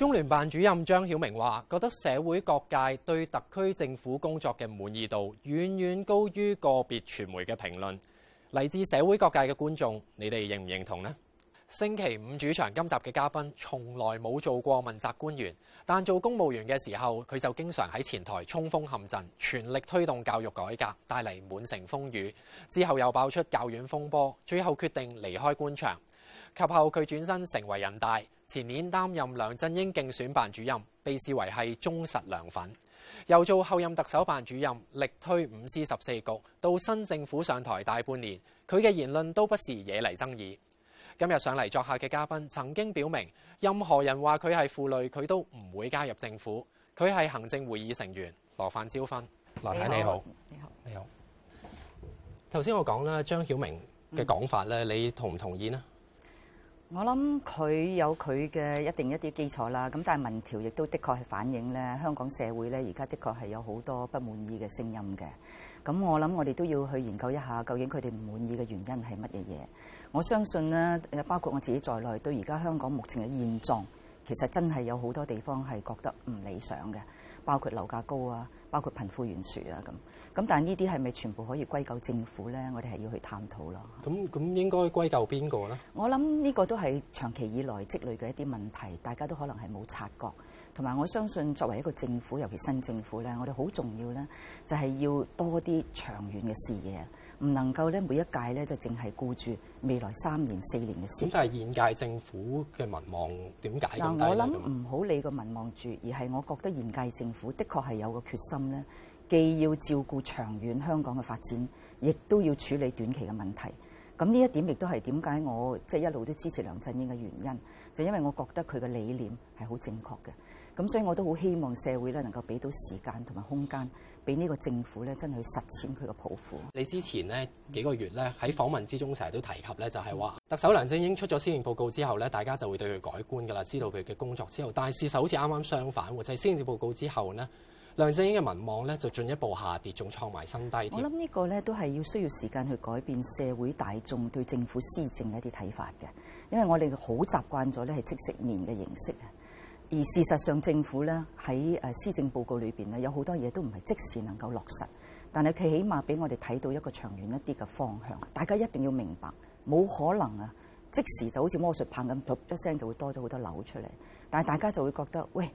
中聯辦主任張曉明話：覺得社會各界對特區政府工作嘅滿意度，遠遠高於個別傳媒嘅評論。嚟自社會各界嘅觀眾，你哋認唔認同呢？星期五主場今集嘅嘉賓，從來冇做過問責官員，但做公務員嘅時候，佢就經常喺前台衝鋒陷陣，全力推動教育改革，帶嚟滿城風雨。之後又爆出教院風波，最後決定離開官場。及後佢轉身成為人大。前年擔任梁振英競選辦主任，被視為係忠實梁粉，又做候任特首辦主任，力推五司十四局。到新政府上台大半年，佢嘅言論都不時惹嚟爭議。今日上嚟作客嘅嘉賓，曾經表明任何人話佢係負累，佢都唔會加入政府。佢係行政會議成員羅范椒芬。羅太你好，你好，你好。頭先我講啦，張曉明嘅講法咧、嗯，你同唔同意呢？我諗佢有佢嘅一定一啲基礎啦，咁但係民調亦都的確係反映咧香港社會咧而家的確係有好多不滿意嘅聲音嘅，咁我諗我哋都要去研究一下究竟佢哋唔滿意嘅原因係乜嘢嘢。我相信咧，包括我自己在內，對而家香港目前嘅現狀，其實真係有好多地方係覺得唔理想嘅，包括樓價高啊。包括貧富懸殊啊咁，咁但係呢啲係咪全部可以歸咎政府咧？我哋係要去探討咯。咁咁應該歸咎邊個咧？我諗呢個都係長期以來積累嘅一啲問題，大家都可能係冇察覺。同埋我相信作為一個政府，尤其是新政府咧，我哋好重要咧，就係要多啲長遠嘅視野。唔能夠咧，每一屆咧就淨係顧住未來三年四年嘅事。咁但係現屆政府嘅民望點解低咗咁？嗱，我諗唔好理個民望住，而係我覺得現屆政府的確係有個決心咧，既要照顧長遠香港嘅發展，亦都要處理短期嘅問題。咁呢一點亦都係點解我即係一路都支持梁振英嘅原因，就係、因為我覺得佢嘅理念係好正確嘅。咁所以我都好希望社會咧能夠俾到時間同埋空間。俾呢個政府咧，真係去實踐佢個抱負。你之前呢幾個月咧喺訪問之中成日都提及咧，就係話特首梁振英出咗施政報告之後咧，大家就會對佢改觀噶啦，知道佢嘅工作之後。但係事實好似啱啱相反喎，就係施政報告之後呢，梁振英嘅民望咧就進一步下跌，仲創埋新低。我諗呢個咧都係要需要時間去改變社會大眾對政府施政嘅一啲睇法嘅，因為我哋好習慣咗咧係即食麵嘅形式。而事實上，政府咧喺誒施政報告裏邊咧，有好多嘢都唔係即時能夠落實，但係佢起碼俾我哋睇到一個長遠一啲嘅方向。大家一定要明白，冇可能啊，即時就好似魔術棒咁，噏一聲就會多咗好多樓出嚟。但係大家就會覺得，喂，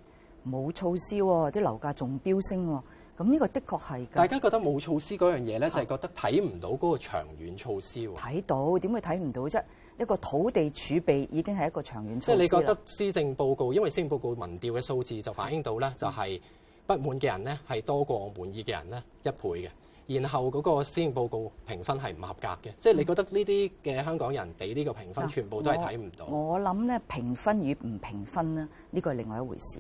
冇措施喎、哦，啲樓價仲飆升喎、哦，咁呢個的確係㗎。大家覺得冇措施嗰樣嘢咧，就係覺得睇唔到嗰個長遠措施喎、哦。睇到，點會睇唔到啫？一個土地儲備已經係一個長遠措施啦。即係你覺得施政報告，因為施政報告民調嘅數字就反映到咧，就係不滿嘅人咧係多過滿意嘅人咧一倍嘅。然後嗰個施政報告評分係唔合格嘅。嗯。即係你覺得呢啲嘅香港人俾呢個評分，全部都係睇唔到。我諗咧評分與唔評分呢，呢個係另外一回事。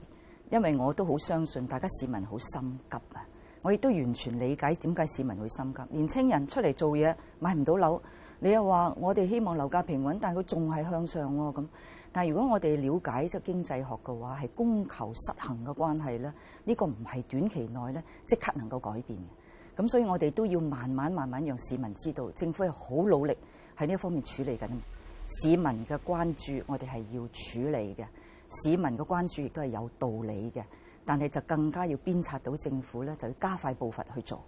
因為我都好相信大家市民好心急啊。我亦都完全理解點解市民會心急。年青人出嚟做嘢買唔到樓。你又話我哋希望樓價平穩，但係佢仲係向上喎咁。但如果我哋了解即經濟學嘅話，係供求失衡嘅關係咧，呢個唔係短期內咧即刻能夠改變嘅。咁所以我哋都要慢慢慢慢讓市民知道，政府係好努力喺呢一方面處理緊。市民嘅關注，我哋係要處理嘅。市民嘅關注亦都係有道理嘅，但係就更加要鞭策到政府咧，就要加快步伐去做。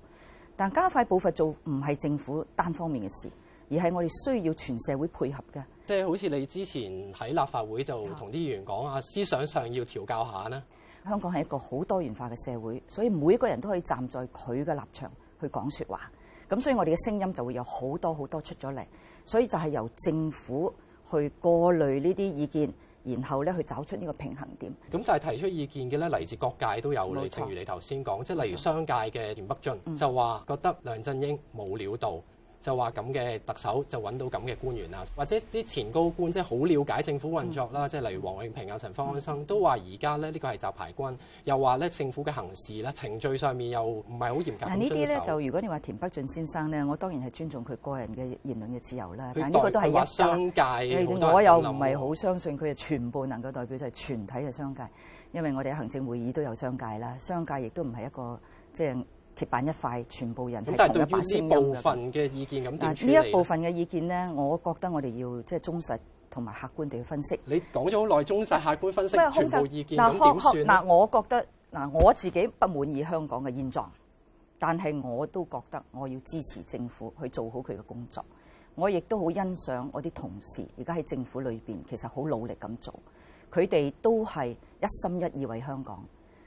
但加快步伐做唔係政府單方面嘅事。而係我哋需要全社會配合嘅，即係好似你之前喺立法會就同啲議員講啊，思想上要調教下咧。香港係一個好多元化嘅社會，所以每一個人都可以站在佢嘅立場去講説話，咁所以我哋嘅聲音就會有好多好多出咗嚟，所以就係由政府去過濾呢啲意見，然後咧去找出呢個平衡點。咁就係提出意見嘅咧，嚟自各界都有嘅，正如你頭先講，即係例如商界嘅田北俊就話覺得梁振英冇料到。就話咁嘅特首就揾到咁嘅官員啦，或者啲前高官即係好了解政府運作啦，即、嗯、係例如王永平啊、嗯、陳方安生都話而家咧呢個係雜牌軍，又話咧政府嘅行事咧程序上面又唔係好嚴格的。嗱呢啲咧就如果你話田北俊先生咧，我當然係尊重佢個人嘅言論嘅自由啦，但呢個都係一商界，我又唔係好相信佢係全部能夠代表就係、是、全體嘅商界，因為我哋行政會議都有商界啦，商界亦都唔係一個即係，就是鐵板一塊，全部人係同一把聲音嘅。部分嘅意見咁，但係呢一部分嘅意見咧，我覺得我哋要即係忠實同埋客觀地去分析。你講咗好耐，忠實客觀分析全部意見咁點算？嗱，我覺得嗱，我自己不滿意香港嘅現狀，但係我都覺得我要支持政府去做好佢嘅工作。我亦都好欣賞我啲同事而家喺政府裏邊，其實好努力咁做，佢哋都係一心一意為香港。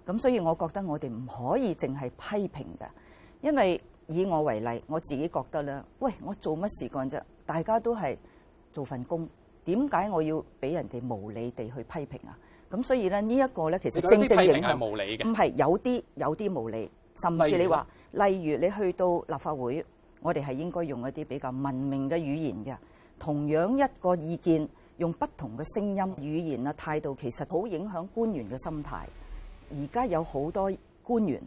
咁所以，我覺得我哋唔可以淨係批評嘅，因為以我為例，我自己覺得咧，喂，我做乜事幹啫？大家都係做份工，點解我要俾人哋無理地去批評啊？咁所以咧，呢一個咧，其實正正係無理嘅。唔係有啲有啲無理，甚至你話，例如你去到立法會，我哋係應該用一啲比較文明嘅語言嘅。同樣一個意見，用不同嘅聲音、語言啊態度，其實好影響官員嘅心態。而家有好多官員，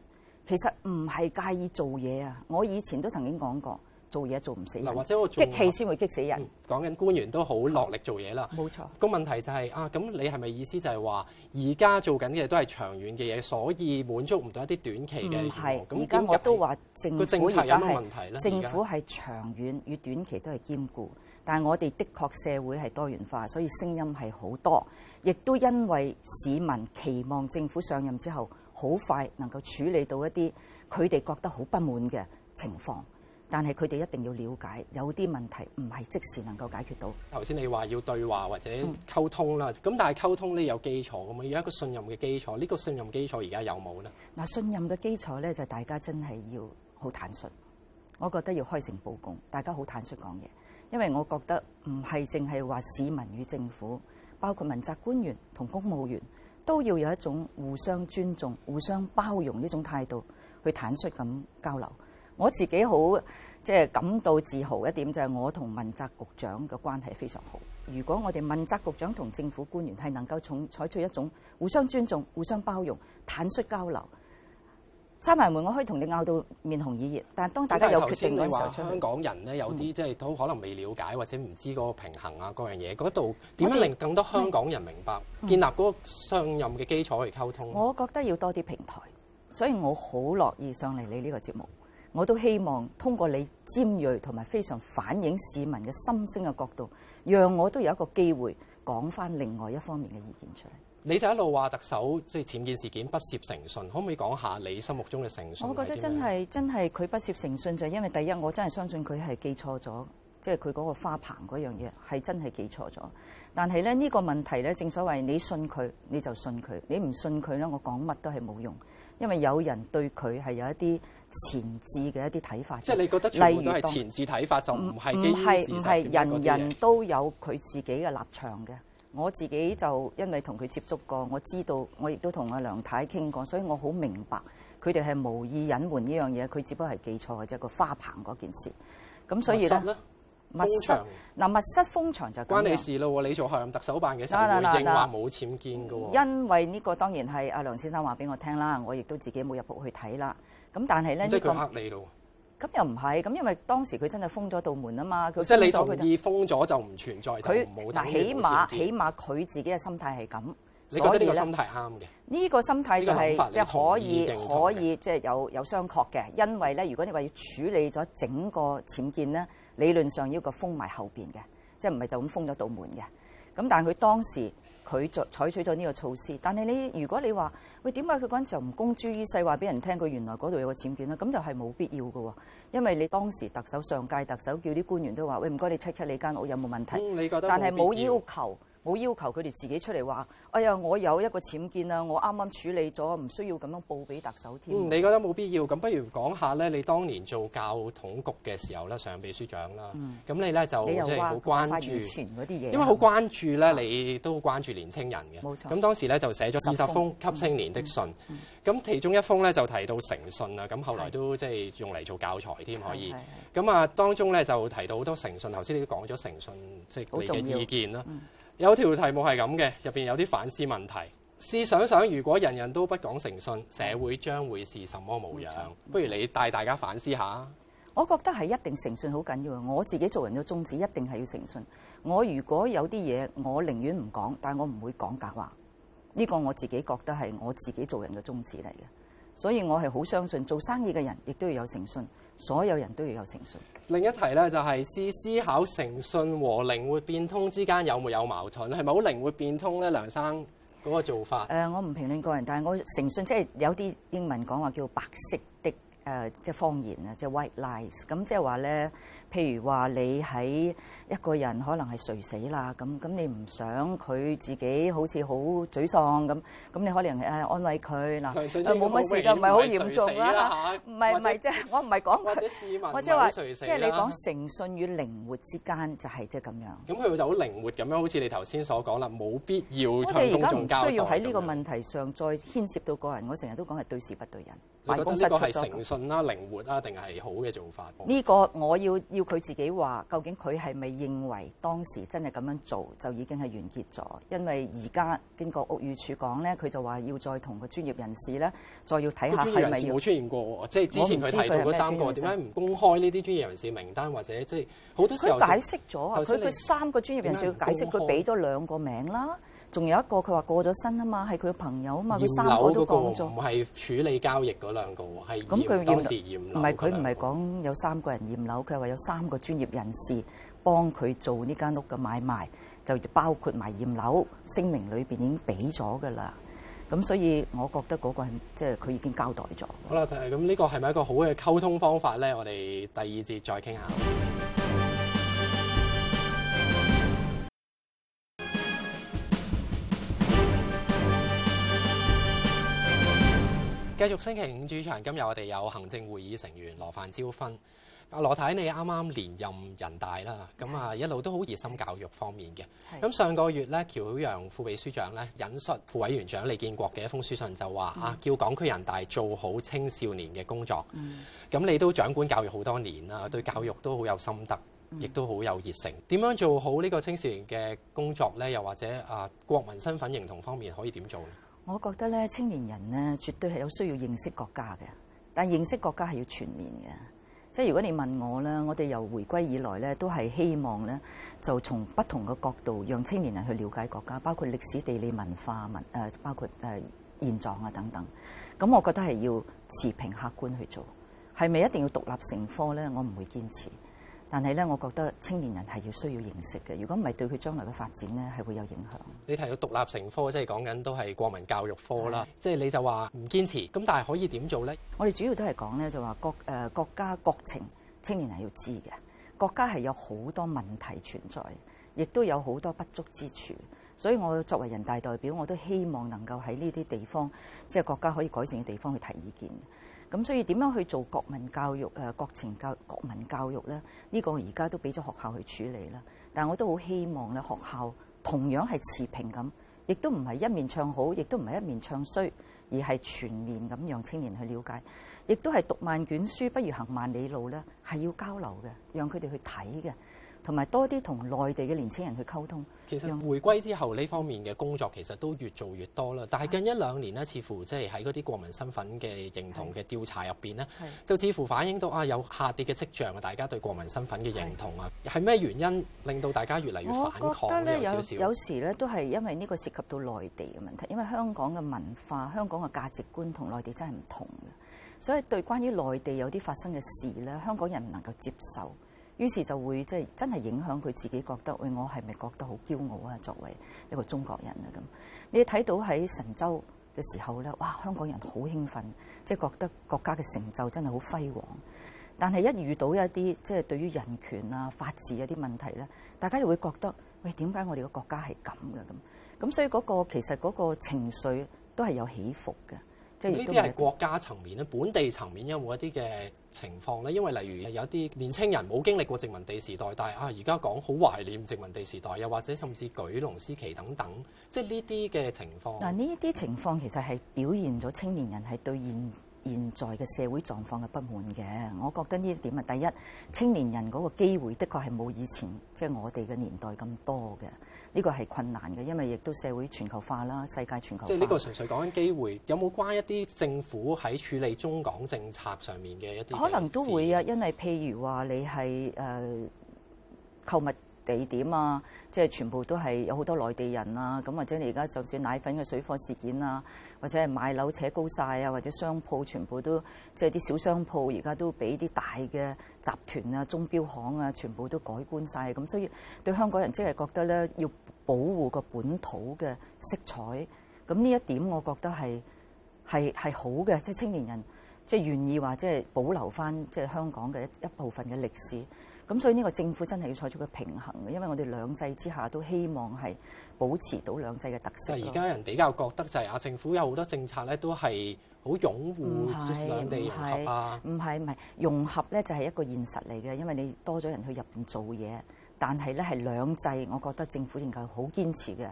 其實唔係介意做嘢啊！我以前都曾經講過，做嘢做唔死人，或者我激氣先會激死人。講、嗯、緊官員都好落力做嘢啦。冇錯。個問題就係、是、啊，咁你係咪意思就係話，而家做緊嘅嘢都係長遠嘅嘢，所以滿足唔到一啲短期嘅？唔係，而家我都話政府而家係政府係長遠與短期都係兼顧，但係我哋的確社會係多元化，所以聲音係好多。亦都因為市民期望政府上任之後，好快能夠處理到一啲佢哋覺得好不滿嘅情況，但係佢哋一定要了解，有啲問題唔係即時能夠解決到。頭先你話要對話或者溝通啦，咁、嗯、但係溝通呢，有基礎咁啊，要一個信任嘅基礎。呢、呢個信任基礎而家有冇呢？嗱，信任嘅基礎咧就大家真係要好坦率，我覺得要開誠布公，大家好坦率講嘢，因為我覺得唔係淨係話市民與政府。包括問責官員同公務員都要有一種互相尊重、互相包容呢種態度，去坦率咁交流。我自己好即係感到自豪一點，就係、是、我同問責局長嘅關係非常好。如果我哋問責局長同政府官員係能夠從採取一種互相尊重、互相包容、坦率交流。閂埋門，我可以同你拗到面紅耳熱。但係當大家有決定嘅時候，香港人咧有啲即係都可能未了解、嗯、或者唔知嗰個平衡啊各樣嘢，嗰度點樣令更多香港人明白，嗯、建立嗰個信任嘅基礎去溝通。我覺得要多啲平台，所以我好樂意上嚟你呢個節目。我都希望通過你尖鋭同埋非常反映市民嘅心聲嘅角度，讓我都有一個機會講翻另外一方面嘅意見出嚟。你就一路話特首即係僭建事件不涉誠信，可唔可以講下你心目中嘅誠信？我覺得真係真係佢不涉誠信，就係因為第一，我真係相信佢係記錯咗，即係佢嗰個花棚嗰樣嘢係真係記錯咗。但係咧呢個問題咧，正所謂你信佢你就信佢，你唔信佢咧，我講乜都係冇用，因為有人對佢係有一啲前置嘅一啲睇法。即係你覺得例如，都係前置睇法，就唔係基於事實。唔係唔係，人人都有佢自己嘅立場嘅。我自己就因為同佢接觸過，我知道我亦都同阿梁太傾過，所以我好明白佢哋係無意隱瞞呢樣嘢，佢只不過係記錯嘅啫。個花棚嗰件事咁，所以密室咧，密室嗱，密室，密室封牆就關你事咯。你做候任特首辦嘅，所以佢冇僭建㗎喎。因為呢個當然係阿梁先生話俾我聽啦，我亦都自己冇入屋去睇啦。咁但係咧呢個即係佢呃你咯。咁又唔係，咁因為當時佢真係封咗道門啊嘛，佢封咗佢。即係你同意封咗就唔存在，佢冇。但起碼起碼佢自己嘅心態係咁，所以呢個心態啱嘅。呢、這個心態就係即係可以、這個、可以即係有有商榷嘅，因為咧，如果你話要處理咗整個僭建咧，理論上要個封埋後邊嘅，即係唔係就咁封咗道門嘅。咁但係佢當時。佢就採取咗呢個措施，但係你如果你話喂，點解佢嗰陣時候唔公諸於世話俾人聽佢原來嗰度有個僭建咧，咁就係冇必要嘅喎，因為你當時特首上屆特首叫啲官員都話喂，唔該你 check check 你間屋有冇問題。嗯、沒有但係冇要求。冇要求佢哋自己出嚟話，哎呀，我有一個僭建啊，我啱啱處理咗，唔需要咁樣報俾特首添、嗯。你覺得冇必要咁，不如講下咧。你當年做教統局嘅時候咧，上秘書長啦。咁、嗯、你咧就即係好關注前啲嘢，嗯、因為好關注咧、嗯，你都關注年青人嘅。冇錯。咁當時咧就寫咗二十封給、嗯、青年的信。咁、嗯、其中一封咧就提到誠信啊。咁、嗯、後來都即係用嚟做教材添、嗯，可以。咁、嗯、啊，當中咧就提到好多誠信。頭先你都講咗誠信，即係你嘅意見啦。有條題目係咁嘅，入邊有啲反思問題。試想想，如果人人都不講誠信，社會將會是什麼模樣？不如你帶大家反思下。我覺得係一定誠信好緊要。我自己做人嘅宗旨一定係要誠信。我如果有啲嘢，我寧願唔講，但我唔會講假話。呢個我自己覺得係我自己做人嘅宗旨嚟嘅，所以我係好相信做生意嘅人亦都要有誠信。所有人都要有誠信。另一題咧就係試思考誠信和靈活變通之間有沒有矛盾？係咪好靈活變通咧？梁生嗰個做法？呃、我唔評論個人，但係我誠信即係有啲英文講話叫白色的。誒即係謊言啊，即係 white lies。咁即係話咧，譬如話你喺一個人可能係垂死啦，咁咁你唔想佢自己好似好沮喪咁，咁你可能誒安慰佢嗱，冇乜事㗎，唔係好嚴重啦，唔係唔係即係我唔係講佢，我即係話，即係你講誠信與靈活之間就係即係咁樣。咁佢就好靈活咁樣，好似你頭先所講啦，冇必要。我哋而家唔需要喺呢個問題上再牽涉到個人。我成日都講係對事不對人，辦公室出錯，啦，靈活啊，定係好嘅做法。呢個我要要佢自己話，究竟佢係咪認為當時真係咁樣做就已經係完結咗？因為而家經過屋宇署講咧，佢就話要再同個專業人士咧再要睇下係咪要。專業人士冇出現過，即係之前佢睇過三個，點解唔公開呢啲專業人士名單或者即係好多時候佢解釋咗啊？佢佢三個專業人士要解釋，佢俾咗兩個名啦。仲有一個他說，佢話過咗身啊嘛，係佢嘅朋友啊嘛，佢三個都講咗。唔係處理交易嗰兩個喎，係當時驗樓。咁佢唔係佢唔係講有三個人驗樓，佢係話有三個專業人士幫佢做呢間屋嘅買賣，就包括埋驗樓聲明裏邊已經俾咗㗎啦。咁所以我覺得嗰個係即係佢已經交代咗。好啦，但係咁呢個係咪一個好嘅溝通方法咧？我哋第二節再傾下。繼續星期五主場，今日我哋有行政會議成員羅范椒芬，阿羅太，你啱啱連任人大啦，咁啊一路都好熱心教育方面嘅。咁上個月咧，喬曉陽副秘書長咧引述副委員長李建國嘅一封書信就，就話啊，叫港區人大做好青少年嘅工作。咁、嗯、你都掌管教育好多年啦、嗯，對教育都好有心得，亦都好有熱誠。點樣做好呢個青少年嘅工作咧？又或者啊，國民身份認同方面可以點做呢？我覺得咧，青年人咧，絕對係有需要認識國家嘅。但認識國家係要全面嘅，即係如果你問我啦，我哋由回歸以來咧，都係希望咧，就從不同嘅角度，讓青年人去了解國家，包括歷史、地理、文化、文誒，包括誒現狀啊等等。咁我覺得係要持平客觀去做，係咪一定要獨立成科咧？我唔會堅持。但係咧，我覺得青年人係要需要認識嘅，如果唔係對佢將來嘅發展咧，係會有影響。你提到獨立成科，即係講緊都係國民教育科啦，即係你就話唔堅持，咁但係可以點做咧？我哋主要都係講咧，就話國、呃、國家國情，青年人係要知嘅，國家係有好多問題存在，亦都有好多不足之處，所以我作為人大代表，我都希望能夠喺呢啲地方，即係國家可以改善嘅地方去提意見。咁所以點樣去做國民教育？誒、呃、國情教國民教育咧，呢、這個而家都俾咗學校去處理啦。但係我都好希望咧，學校同樣係持平咁，亦都唔係一面唱好，亦都唔係一面唱衰，而係全面咁讓青年去了解。亦都係讀萬卷書不如行萬里路咧，係要交流嘅，讓佢哋去睇嘅。同埋多啲同內地嘅年輕人去溝通。其實回歸之後呢方面嘅工作其實都越做越多啦。但係近一兩年呢，似乎即係喺嗰啲國民身份嘅認同嘅調查入邊呢，就似乎反映到啊有下跌嘅跡象啊。大家對國民身份嘅認同啊，係咩原因令到大家越嚟越反抗呢？有少少，有時咧，都係因為呢個涉及到內地嘅問題。因為香港嘅文化、香港嘅價值觀同內地真係唔同嘅，所以對關於內地有啲發生嘅事咧，香港人唔能夠接受。於是就會即係真係影響佢自己覺得喂，我係咪覺得好驕傲啊？作為一個中國人啊，咁你睇到喺神舟嘅時候咧，哇！香港人好興奮，即係覺得國家嘅成就真係好輝煌。但係一遇到一啲即係對於人權啊、法治一啲問題咧，大家又會覺得喂，點解我哋嘅國家係咁嘅咁咁？所以嗰個其實嗰個情緒都係有起伏嘅。呢啲係國家層面咧，本地層面有冇一啲嘅情況咧？因為例如有啲年青人冇經歷過殖民地時代，但係啊，而家講好懷念殖民地時代，又或者甚至舉龍獅旗等等，即係呢啲嘅情況。嗱，呢啲情況其實係表現咗青年人係對現現在嘅社會狀況係不滿嘅，我覺得呢一點啊，第一，青年人嗰個機會，的確係冇以前即係、就是、我哋嘅年代咁多嘅，呢個係困難嘅，因為亦都社會全球化啦，世界全球化。即係呢個純粹講緊機會，有冇關一啲政府喺處理中港政策上面嘅一啲？可能都會啊，因為譬如話你係誒、呃、購物。地點啊，即係全部都係有好多內地人啊，咁或者你而家就算奶粉嘅水貨事件啊，或者係買樓扯高晒啊，或者商鋪全部都即係啲小商鋪而家都俾啲大嘅集團啊、鐘錶行啊，全部都改觀晒，咁所以對香港人即係覺得咧要保護個本土嘅色彩，咁呢一點我覺得係係係好嘅，即係青年人即係願意話即係保留翻即係香港嘅一部分嘅歷史。咁所以呢個政府真係要採取個平衡嘅，因為我哋兩制之下都希望係保持到兩制嘅特色。而家人比較覺得就係啊，政府有好多政策咧，都係好擁護兩地融合。唔係唔係融合咧，就係一個現實嚟嘅，因為你多咗人去入邊做嘢。但係咧係兩制，我覺得政府應該好堅持嘅，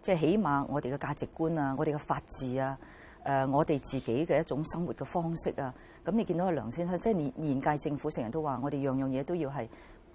即係起碼我哋嘅價值觀啊，我哋嘅法治啊。誒、呃，我哋自己嘅一種生活嘅方式啊，咁你見到阿梁先生，即係現現屆政府成日都話，我哋樣樣嘢都要係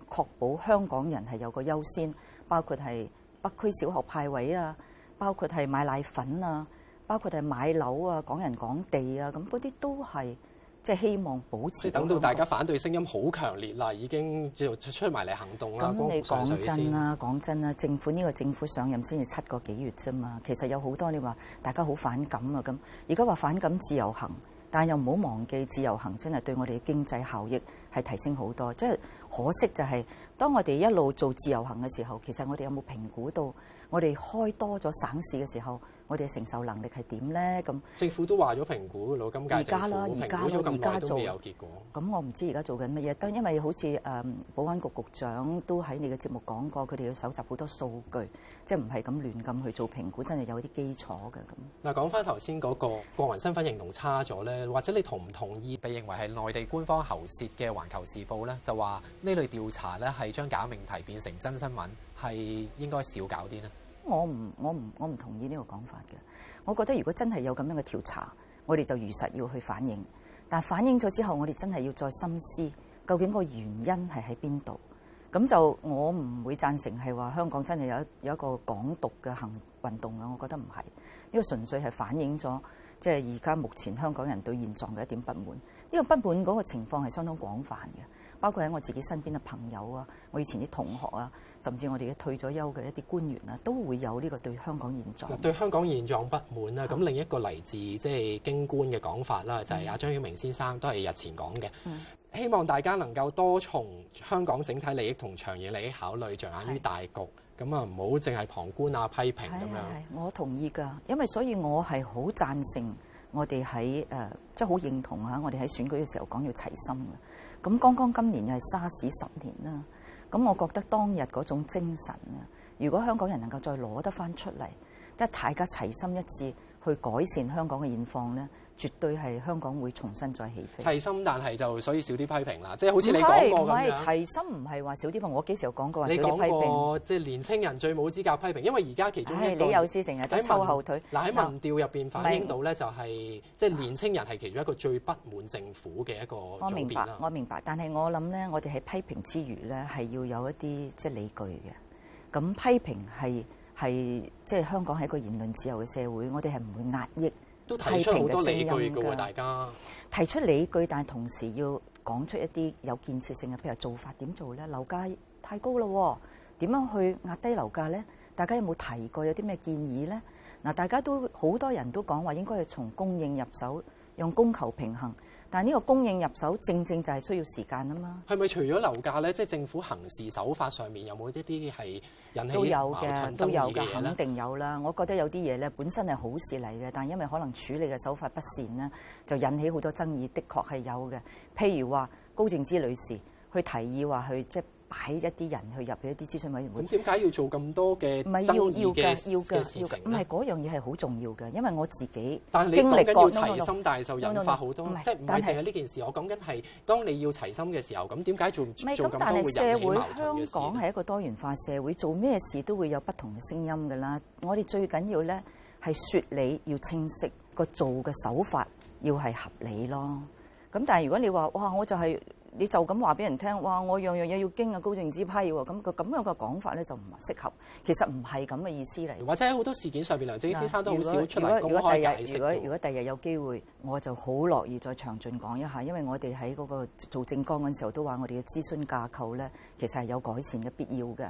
確保香港人係有個優先，包括係北區小學派位啊，包括係買奶粉啊，包括係買樓啊，港人港地啊，咁嗰啲都係。即係希望保持。等到大家反對聲音好強烈啦，已經就出埋嚟行動啦。咁你講真啦，講真啦，政府呢、這個政府上任先至七個幾月啫嘛，其實有好多你話大家好反感啊咁。而家話反感自由行，但係又唔好忘記自由行真係對我哋嘅經濟效益係提升好多。即係可惜就係當我哋一路做自由行嘅時候，其實我哋有冇評估到我哋開多咗省市嘅時候？我哋嘅承受能力係點咧？咁政府都話咗評估，老金界政府都評估咗咁耐都未有結果。咁我唔知而家做緊乜嘢？但因為好似誒、嗯、保安局局長都喺你嘅節目講過，佢哋要搜集好多數據，即係唔係咁亂咁去做評估，真係有啲基礎嘅咁。嗱，講翻頭先嗰個國民身份認同差咗咧，或者你同唔同意被認為係內地官方喉舌嘅《環球時報》咧，就話呢類調查咧係將假命題變成真新聞，係應該少搞啲咧？我唔我唔我唔同意呢個講法嘅。我覺得如果真係有咁樣嘅調查，我哋就如實要去反映。但反映咗之後，我哋真係要再深思，究竟個原因係喺邊度？咁就我唔會贊成係話香港真係有一有一個港獨嘅行運動啊。我覺得唔係呢個純粹係反映咗即係而家目前香港人對現狀嘅一點不滿。呢個不滿嗰個情況係相當廣泛嘅，包括喺我自己身邊嘅朋友啊，我以前啲同學啊。甚至我哋嘅退咗休嘅一啲官員啊，都會有呢個對香港現狀對香港現狀不滿啦。咁另一個嚟自即係、就是、京官嘅講法啦，就係、是、阿張曉明先生、嗯、都係日前講嘅，希望大家能夠多從香港整體利益同長遠利益考慮着眼於大局，咁啊唔好淨係旁觀啊批評咁樣係係係。我同意噶，因為所以我係好讚成我哋喺誒即係好認同啊，我哋喺選舉嘅時候講要齊心嘅。咁剛剛今年又係沙士十年啦。咁我覺得當日嗰種精神，如果香港人能夠再攞得返出嚟，大家齊心一致去改善香港嘅現況呢絕對係香港會重新再起飛。齊心，但係就所以少啲批評啦，即係好似你講過咁樣唔係。齊心唔係話少啲我幾時有講過話少批評？我即係年青人最冇資格批評，因為而家其中咧、哎，你有事成日都拖後腿。嗱喺民調入邊反映到咧、就係，就係即係年青人係其中一個最不滿政府嘅一個。我明白，我明白，但係我諗咧，我哋喺批評之餘咧，係要有一啲即係理據嘅。咁批評係係即係香港係一個言論自由嘅社會，我哋係唔會壓抑。都提出好多理據嘅，大家提出理據，但係同時要講出一啲有建設性嘅，譬如做法點做咧？樓價太高啦，點樣去壓低樓價咧？大家有冇提過有啲咩建議咧？嗱，大家都好多人都講話應該要從供應入手，用供求平衡。但係呢個供應入手，正正就係需要時間啊嘛。係咪除咗樓價咧，即係政府行事手法上面有冇一啲係引起？都有嘅都有嘅，肯定有啦。我覺得有啲嘢咧本身係好事嚟嘅，但係因為可能處理嘅手法不善咧，就引起好多爭議。的確係有嘅，譬如話高靜芝女士去提議話去即係。擺一啲人去入去一啲諮詢委員會。點解要做咁多嘅爭議嘅事情？唔係要嘅要嘅。唔係嗰樣嘢係好重要嘅，因為我自己經歷過。但你講緊要齊心大受引發好多，即係唔係淨係呢件事？我講緊係當你要齊心嘅時候，咁點解做做咁多會引起矛盾嘅事？咁但係社會香港係一個多元化社會，做咩事都會有不同嘅聲音㗎啦。我哋最緊要咧係説理要清晰，個做嘅手法要係合理咯。咁但係如果你話哇，我就係、是。你就咁話俾人聽，哇！我樣樣嘢要經啊高正之批喎，咁個咁樣嘅講法咧就唔適合。其實唔係咁嘅意思嚟。或者喺好多事件上邊，梁先生都好少出嚟公開。如果如果第日有機會，我就好樂意再詳盡講一下，因為我哋喺嗰個做政綱嗰陣時候都話，我哋嘅諮詢架構咧其實係有改善嘅必要嘅。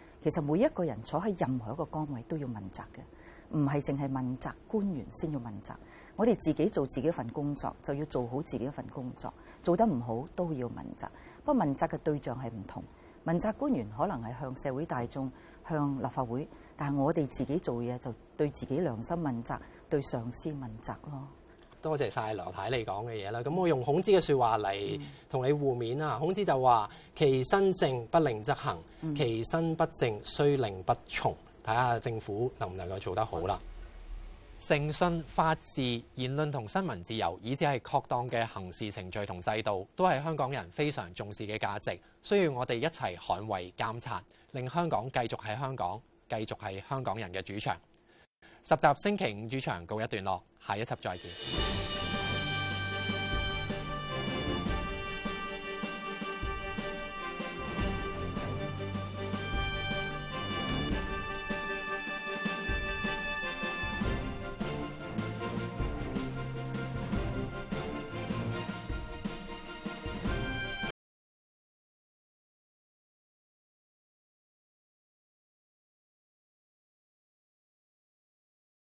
其實每一個人坐喺任何一個崗位都要問責嘅，唔係淨係問責官員先要問責。我哋自己做自己一份工作，就要做好自己一份工作，做得唔好都要問責。不過問責嘅對象係唔同，問責官員可能係向社會大眾、向立法會，但係我哋自己做嘢就對自己良心問責，對上司問責咯。多謝晒羅太太你講嘅嘢啦，咁我用孔子嘅說話嚟同你互勉啊。孔子就話：其身正，不令則行；其身不正，雖令不從。睇下政府能唔能夠做得好啦。嗯。誠信、法治、言論同新聞自由，以至係確當嘅行事程序同制度，都係香港人非常重視嘅價值。需要我哋一齊捍衛監察，令香港繼續係香港，繼續係香港人嘅主場。十集星期五主場告一段落，下一集再見。